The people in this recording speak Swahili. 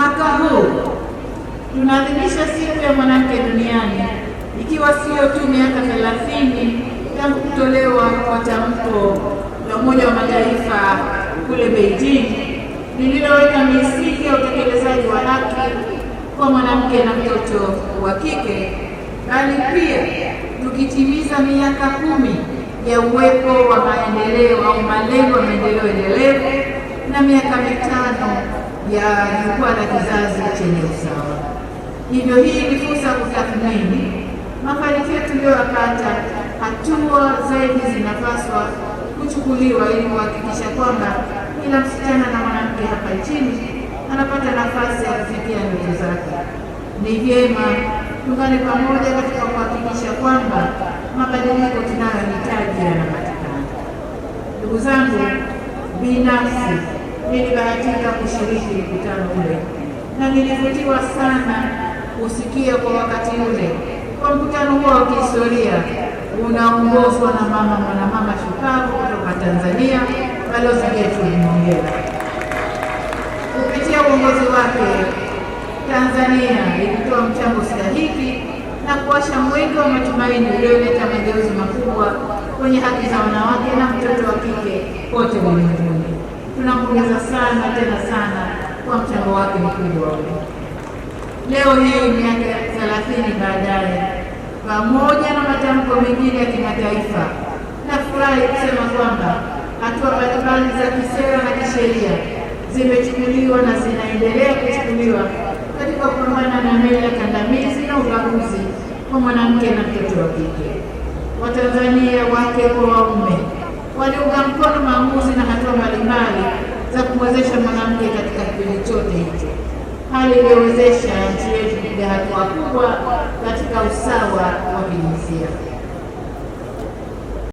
Mwaka huu tunaadhimisha siku ya mwanamke duniani ikiwa sio tu miaka thelathini tangu kutolewa kwa tamko la Umoja wa Mataifa kule Beijing lililoweka misingi ya utekelezaji wa haki kwa mwanamke na mtoto wa kike, bali pia tukitimiza miaka kumi ya uwepo wa maendeleo au malengo ya maendeleo endelevu na miaka mitano ya jukwaa la kizazi chenye usawa. Hivyo hii ni fursa ya kutathmini mafanikio tuliyoyapata Hatua zaidi zinapaswa kuchukuliwa ili kuhakikisha kwamba kila msichana na mwanamke hapa nchini anapata nafasi ya kufikia ndoto zake. Ni vyema tungane pamoja katika kuhakikisha kwamba mabadiliko tunayohitaji yanapatikana. Ndugu zangu, binafsi nilibahatika kushiriki mkutano ule na nilivutiwa sana kusikia kwa wakati ule kwa mkutano huo wa kihistoria unaongozwa na mama mwanamama shupavu kutoka Tanzania, balozi yetu Mongela. Kupitia uongozi wake, Tanzania ilitoa mchango stahiki na kuwasha mwenge wa matumaini ulioleta mageuzi makubwa kwenye haki za wanawake sana tena sana kwa mchango wake mkubwa. Leo hii miaka thelathini baadaye, pamoja na matamko mengine ya kimataifa, nafurahi kusema kwamba hatua mbalimbali za kisera na kisheria zimechukuliwa na zinaendelea kuchukuliwa katika kupambana na mila kandamizi na ubaguzi kwa mwanamke na mtoto wa kike. Watanzania wake kwa waume waliunga mkono maamuzi na hatua kumwezesha mwanamke katika kipindi chote hicho, hali iliyowezesha nchi yetu kupiga hatua kubwa katika usawa wa kijinsia.